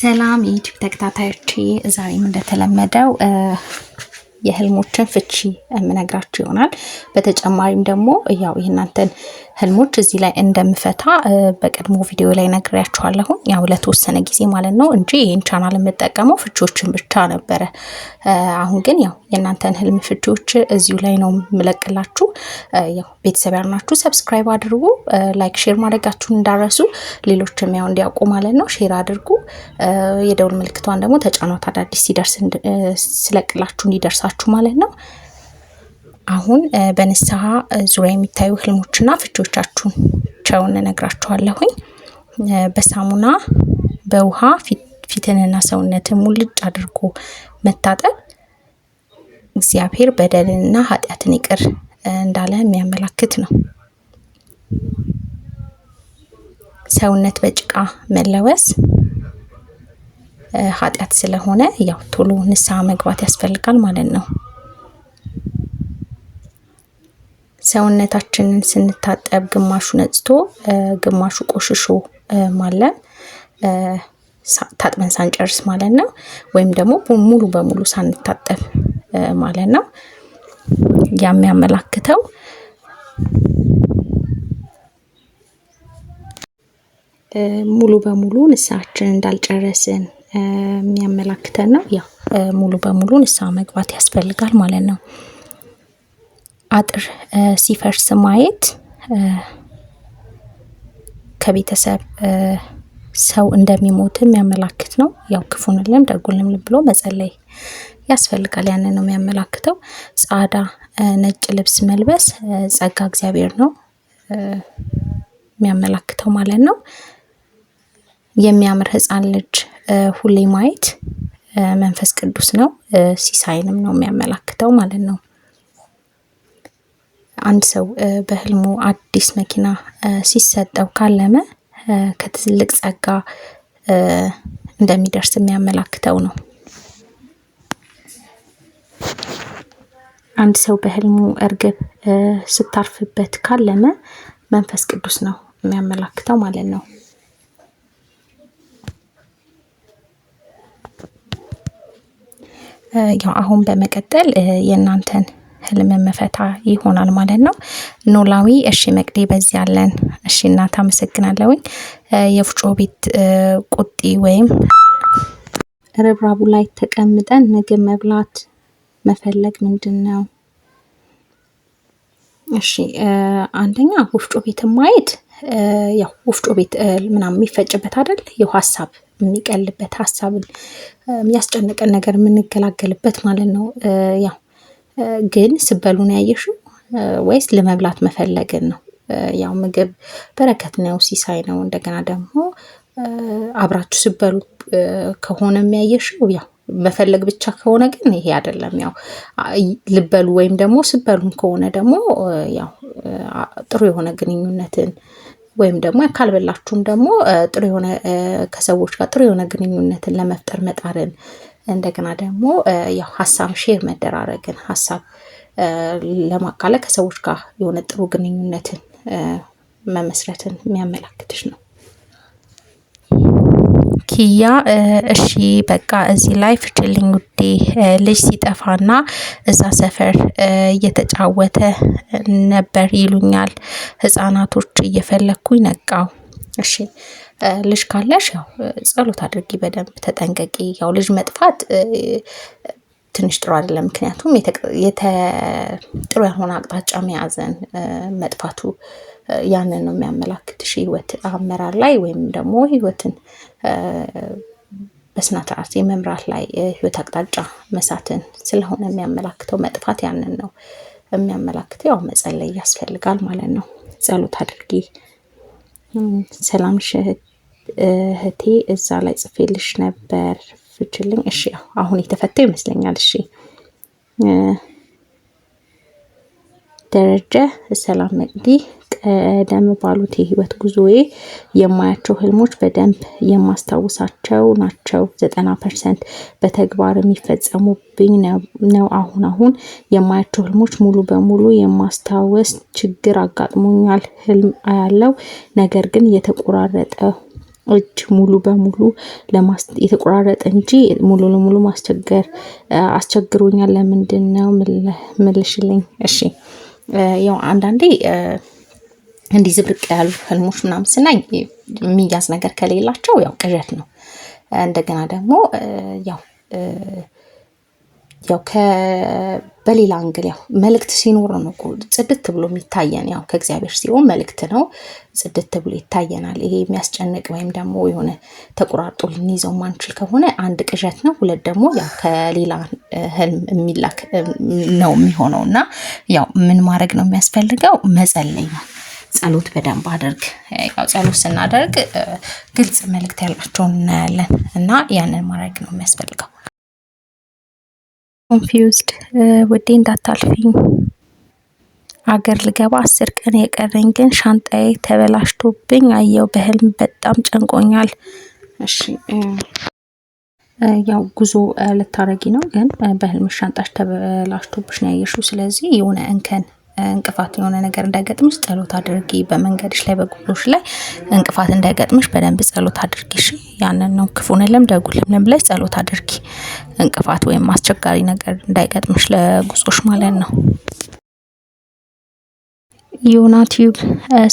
ሰላም የዩቲዩብ ተከታታዮች ዛሬም እንደተለመደው የህልሞችን ፍቺ የምነግራችሁ ይሆናል። በተጨማሪም ደግሞ ያው የእናንተን ህልሞች እዚህ ላይ እንደምፈታ በቀድሞ ቪዲዮ ላይ ነግሬያችኋለሁ። ያው ለተወሰነ ጊዜ ማለት ነው እንጂ ይህን ቻናል የምጠቀመው ፍቺዎችን ብቻ ነበረ። አሁን ግን ያው የእናንተን ህልም ፍቺዎች እዚሁ ላይ ነው የምለቅላችሁ። ያው ቤተሰብ ያልናችሁ ሰብስክራይብ አድርጉ፣ ላይክ፣ ሼር ማድረጋችሁን እንዳረሱ፣ ሌሎችም ያው እንዲያውቁ ማለት ነው ሼር አድርጉ። የደውል ምልክቷን ደግሞ ተጫኗት፣ አዳዲስ ሲደርስ ስለቅላችሁ እንዲደርሳ ያወጣችሁ ማለት ነው። አሁን በንስሐ ዙሪያ የሚታዩ ህልሞችና ፍቾቻችሁን ቸውን እነግራችኋለሁኝ። በሳሙና በውሃ ፊትንና ሰውነትን ሙልጭ አድርጎ መታጠብ እግዚአብሔር በደልንና ኃጢአትን ይቅር እንዳለ የሚያመላክት ነው። ሰውነት በጭቃ መለወስ ኃጢአት ስለሆነ ያው ቶሎ ንስሐ መግባት ያስፈልጋል ማለት ነው። ሰውነታችንን ስንታጠብ ግማሹ ነጽቶ ግማሹ ቆሽሾ ማለን ታጥበን ሳንጨርስ ማለት ነው። ወይም ደግሞ ሙሉ በሙሉ ሳንታጠብ ማለት ነው። የሚያመላክተው ሙሉ በሙሉ ንስሐችን እንዳልጨረስን የሚያመላክተን ነው። ያው ሙሉ በሙሉ ንስሐ መግባት ያስፈልጋል ማለት ነው። አጥር ሲፈርስ ማየት ከቤተሰብ ሰው እንደሚሞት የሚያመላክት ነው። ያው ክፉን ልም ብሎ መጸለይ ያስፈልጋል። ያንን ነው የሚያመላክተው። ጻዳ ነጭ ልብስ መልበስ ጸጋ እግዚአብሔር ነው የሚያመላክተው ማለት ነው። የሚያምር ህፃን ልጅ ሁሌ ማየት መንፈስ ቅዱስ ነው፣ ሲሳይንም ነው የሚያመላክተው ማለት ነው። አንድ ሰው በህልሙ አዲስ መኪና ሲሰጠው ካለመ ከትልቅ ጸጋ እንደሚደርስ የሚያመላክተው ነው። አንድ ሰው በህልሙ እርግብ ስታርፍበት ካለመ መንፈስ ቅዱስ ነው የሚያመላክተው ማለት ነው። ያው አሁን በመቀጠል የእናንተን ህልም መፈታ ይሆናል ማለት ነው። ኖላዊ እሺ መቅዴ በዚህ ያለን እሺ እናት አመሰግናለሁኝ። የፍጮ ቤት ቁጢ ወይም ርብራቡ ላይ ተቀምጠን ምግብ መብላት መፈለግ ምንድን ነው? እሺ አንደኛ ወፍጮ ቤት ማየት ያው ወፍጮ ቤት ምናምን የሚፈጭበት አይደል የው ሀሳብ የሚቀልበት ሀሳብን የሚያስጨንቀን ነገር የምንገላገልበት ማለት ነው። ያው ግን ስበሉን ያየሽው ወይስ ለመብላት መፈለግን ነው? ያው ምግብ በረከት ነው፣ ሲሳይ ነው። እንደገና ደግሞ አብራችሁ ስበሉ ከሆነ የሚያየሽው ያው መፈለግ ብቻ ከሆነ ግን ይሄ አይደለም። ያው ልበሉ ወይም ደግሞ ስበሉም ከሆነ ደግሞ ያው ጥሩ የሆነ ግንኙነትን ወይም ደግሞ ካልበላችሁም ደግሞ ጥሩ የሆነ ከሰዎች ጋር ጥሩ የሆነ ግንኙነትን ለመፍጠር መጣርን፣ እንደገና ደግሞ ያው ሀሳብ ሼር መደራረግን፣ ሀሳብ ለማካለ ከሰዎች ጋር የሆነ ጥሩ ግንኙነትን መመስረትን የሚያመላክትሽ ነው። ኪያ እሺ በቃ እዚህ ላይ ፍችልኝ ውዴ ልጅ ሲጠፋና እዛ ሰፈር እየተጫወተ ነበር ይሉኛል ህፃናቶች እየፈለግኩኝ ነቃው። እሺ ልጅ ካለሽ ያው ጸሎት አድርጊ፣ በደንብ ተጠንቀቂ። ያው ልጅ መጥፋት ትንሽ ጥሩ አይደለም። ምክንያቱም ጥሩ ያልሆነ አቅጣጫ መያዘን መጥፋቱ ያንን ነው የሚያመላክትሽ ህይወት አመራር ላይ ወይም ደግሞ ህይወትን በስነስርዓት የመምራት ላይ ህይወት አቅጣጫ መሳትን ስለሆነ የሚያመላክተው መጥፋት ያንን ነው የሚያመላክት። ያው መጸለይ ያስፈልጋል ማለት ነው። ጸሎት አድርጊ። ሰላም እህቴ፣ እዛ ላይ ጽፌልሽ ነበር ፍችልኝ። እሺ አሁን የተፈታው ይመስለኛል። እሺ ደረጀ ሰላም መቅዲ፣ ቀደም ባሉት የህይወት ጉዞዬ የማያቸው ህልሞች በደንብ የማስታውሳቸው ናቸው። ዘጠና ፐርሰንት በተግባር የሚፈጸሙብኝ ነው። አሁን አሁን የማያቸው ህልሞች ሙሉ በሙሉ የማስታወስ ችግር አጋጥሞኛል። ህልም አያለው ነገር ግን የተቆራረጠ እጅ ሙሉ በሙሉ የተቆራረጠ እንጂ ሙሉ ለሙሉ ማስቸገር አስቸግሮኛል። ለምንድን ነው መልሽልኝ? እሺ ያው አንዳንዴ እንዲህ ዝብርቅ ያሉ ህልሞች ምናምን ስናኝ የሚያዝ ነገር ከሌላቸው ያው ቅዠት ነው። እንደገና ደግሞ ያው ያው በሌላ አንግል ያው መልእክት ሲኖር ነው ጽድት ብሎ የሚታየን። ያው ከእግዚአብሔር ሲሆን መልእክት ነው፣ ጽድት ብሎ ይታየናል። ይሄ የሚያስጨንቅ ወይም ደግሞ የሆነ ተቆራርጦ ልንይዘው ማንችል ከሆነ አንድ ቅዠት ነው፣ ሁለት ደግሞ ያው ከሌላ ህልም የሚላክ ነው የሚሆነው እና ያው ምን ማድረግ ነው የሚያስፈልገው? መጸለይ ነው። ጸሎት በደንብ አድርግ። ያው ጸሎት ስናደርግ ግልጽ መልእክት ያላቸውን እናያለን እና ያንን ማድረግ ነው የሚያስፈልገው። ኮንፊውዝድ ውዴ uh, እንዳታልፊኝ አገር ልገባ አስር ቀን የቀረኝ ግን ሻንጣዬ ተበላሽቶብኝ አየው በህልም በጣም ጨንቆኛል። እሺ ያው ጉዞ ልታረጊ ነው ግን በህልም ሻንጣሽ ተበላሽቶብሽ ነው ያየሽው። ስለዚህ የሆነ እንከን እንቅፋት የሆነ ነገር እንዳይገጥምሽ ጸሎት አድርጊ። በመንገድሽ ላይ በጉዞሽ ላይ እንቅፋት እንዳይገጥምሽ በደንብ ጸሎት አድርጊ። ያንን ነው ክፉን ለም ደጉን ለም ብለሽ ጸሎት አድርጊ። እንቅፋት ወይም አስቸጋሪ ነገር እንዳይገጥምሽ ለጉዞሽ ማለት ነው። ዮና ቲዩብ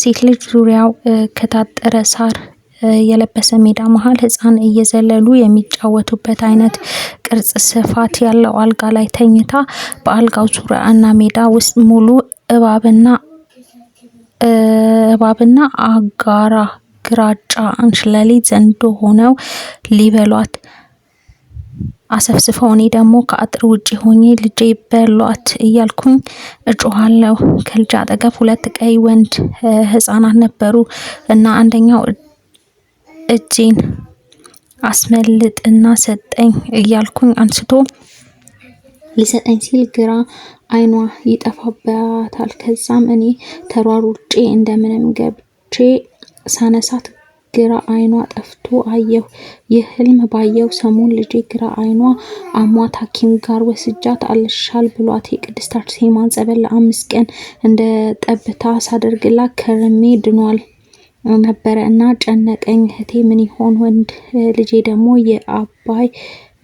ሴት ልጅ ዙሪያው ከታጠረ ሳር የለበሰ ሜዳ መሀል ህፃን እየዘለሉ የሚጫወቱበት አይነት ቅርጽ ስፋት ያለው አልጋ ላይ ተኝታ በአልጋው ዙሪያ እና ሜዳ ውስጥ ሙሉ እባብና እባብና አጋራ ግራጫ እንሽላሊት ዘንዶ ሆነው ሊበሏት አሰፍስፈው እኔ ደግሞ ከአጥር ውጭ ሆኜ ልጄ በሏት እያልኩኝ እጮኋለሁ። ከልጅ አጠገብ ሁለት ቀይ ወንድ ህጻናት ነበሩ እና አንደኛው እጄን አስመልጥና ሰጠኝ እያልኩኝ አንስቶ ሊሰጠኝ ሲል ግራ አይኗ ይጠፋባታል። ከዛም እኔ ተሯሩጬ እንደምንም ገብቼ ሳነሳት ግራ አይኗ ጠፍቶ አየሁ። ይህ ህልም ባየው ሰሞን ልጄ ግራ አይኗ አሟት ሐኪም ጋር ወስጃት አልሻል ብሏት የቅድስት አርሴማን ጸበል ለአምስት ቀን እንደ ጠብታ ሳደርግላ ከርሜ ድኗል ነበረ እና ጨነቀኝ። እህቴ ምን ይሆን ወንድ ልጄ ደግሞ የአባይ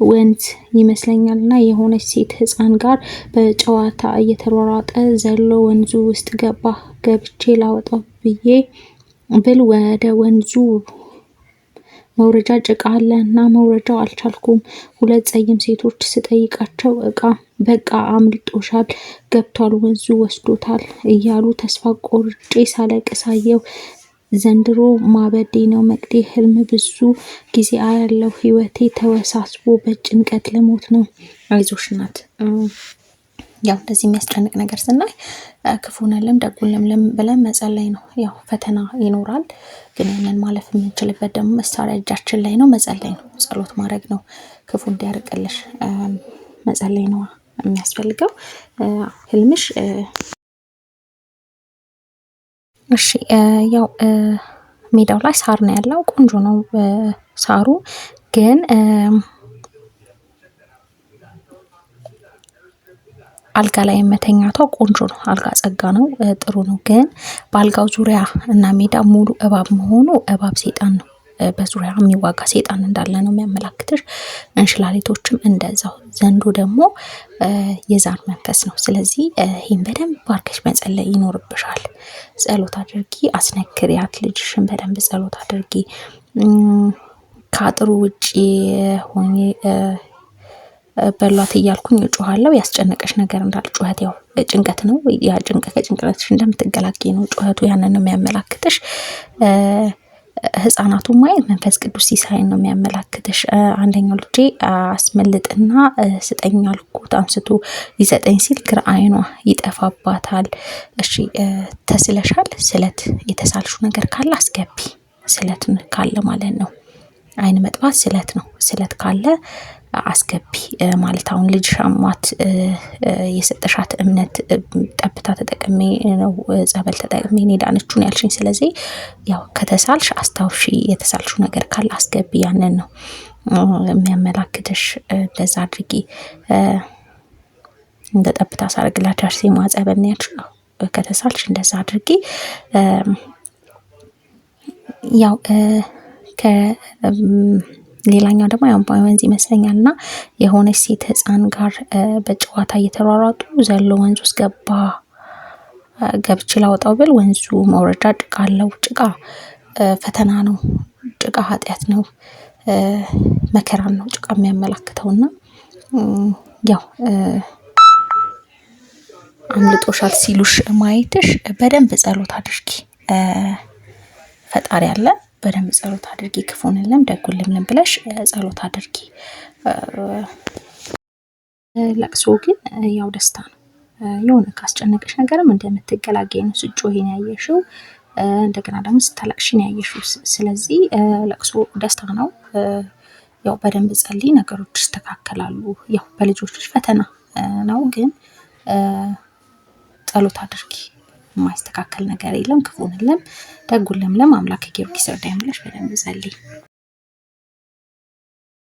ወንዝ ይመስለኛል እና የሆነች ሴት ህፃን ጋር በጨዋታ እየተሯሯጠ ዘሎ ወንዙ ውስጥ ገባ። ገብቼ ላወጣው ብዬ ብል ወደ ወንዙ መውረጃ ጭቃ አለ እና መውረጃው አልቻልኩም። ሁለት ጸይም ሴቶች ስጠይቃቸው እቃ በቃ አምልጦሻል፣ ገብቷል፣ ወንዙ ወስዶታል እያሉ ተስፋ ቆርጬ ሳለቅ ሳየው። ዘንድሮ ማበዴ ነው መቅዴ ህልም ብዙ ጊዜ አያለው ህይወቴ ተወሳስቦ በጭንቀት ልሞት ነው። አይዞሽ ናት። ያው እንደዚህ የሚያስጨንቅ ነገር ስናይ ክፉን ለም ደጉን ለምለም ብለን መጸለይ ነው። ያው ፈተና ይኖራል፣ ግን ያንን ማለፍ የምንችልበት ደግሞ መሳሪያ እጃችን ላይ ነው። መጸለይ ነው፣ ጸሎት ማድረግ ነው። ክፉ እንዲያርቅልሽ መጸለይ ነው የሚያስፈልገው ህልምሽ እሺ ያው ሜዳው ላይ ሳር ነው ያለው። ቆንጆ ነው ሳሩ ግን አልጋ ላይ መተኛቷ ቆንጆ ነው። አልጋ ጸጋ ነው፣ ጥሩ ነው። ግን በአልጋው ዙሪያ እና ሜዳ ሙሉ እባብ መሆኑ እባብ ሴጣን ነው። በዙሪያ የሚዋጋ ሴጣን እንዳለ ነው የሚያመላክትሽ። እንሽላሊቶችም እንደዛው፣ ዘንዱ ደግሞ የዛር መንፈስ ነው። ስለዚህ ይህም በደንብ አድርገሽ መጸለይ ይኖርብሻል። ጸሎት አድርጊ፣ አስነክሪያት። ልጅሽን በደንብ ጸሎት አድርጊ። ከአጥሩ ውጭ ሆኜ በሏት እያልኩኝ እጩኋለሁ። ያስጨነቀሽ ነገር እንዳል ጩኸት ያው ጭንቀት ነው። ያ ጭንቀት ከጭንቀትሽ እንደምትገላቂ ነው ጩኸቱ። ያንን ነው የሚያመላክትሽ። ህጻናቱ ማየት መንፈስ ቅዱስ ሲሳይን ነው የሚያመላክትሽ። አንደኛው ልጄ አስመልጥና ስጠኝ አልኩት አንስቶ ይሰጠኝ ሲል ግራ አይኗ ይጠፋባታል። እሺ ተስለሻል። ስለት የተሳልሹ ነገር ካለ አስገቢ። ስለት ካለ ማለት ነው። አይን መጥባት ስለት ነው። ስለት ካለ አስገቢ ማለት አሁን ልጅ ሻማት የሰጠሻት እምነት ጠብታ ተጠቅሜ ነው ጸበል ተጠቅሜ ኔዳነችን ያልሽኝ። ስለዚህ ያው ከተሳልሽ አስታውሺ፣ የተሳልሹ ነገር ካለ አስገቢ። ያንን ነው የሚያመላክትሽ። እንደዛ አድርጊ። እንደ ጠብታ ሳርግላች አርሴማ ጸበል ነው ያልሽው። ከተሳልሽ እንደዛ አድርጊ። ያው ሌላኛው ደግሞ የአምባ ወንዝ ይመስለኛል እና የሆነች ሴት ህፃን ጋር በጨዋታ እየተሯሯጡ ዘሎ ወንዝ ውስጥ ገባ። ገብች ላውጣው ብል ወንዙ መውረጃ ጭቃ አለው። ጭቃ ፈተና ነው። ጭቃ ኃጢአት ነው። መከራን ነው ጭቃ የሚያመላክተውና ያው አምልጦሻል ሲሉሽ ማየትሽ በደንብ ጸሎት አድርጊ። ፈጣሪ አለ በደንብ ጸሎት አድርጊ። ክፉን የለም ደጉን ብለሽ ጸሎት አድርጊ። ለቅሶ ግን ያው ደስታ ነው። የሆነ ካስጨነቀሽ ነገርም እንደምትገላገኝ ነው ይሄን ያየሽው እንደገና ደግሞ ስታለቅሽን ያየሽው። ስለዚህ ለቅሶ ደስታ ነው። ያው በደንብ ጸልይ፣ ነገሮች ይስተካከላሉ። ያው በልጆች ፈተና ነው፣ ግን ጸሎት አድርጊ። የማይስተካከል ነገር የለም። ክፉን ለም ደጉን ለምለም አምላክ ጊዮርጊስ እርዳኝ ብለሽ በደንብ ጸልይ።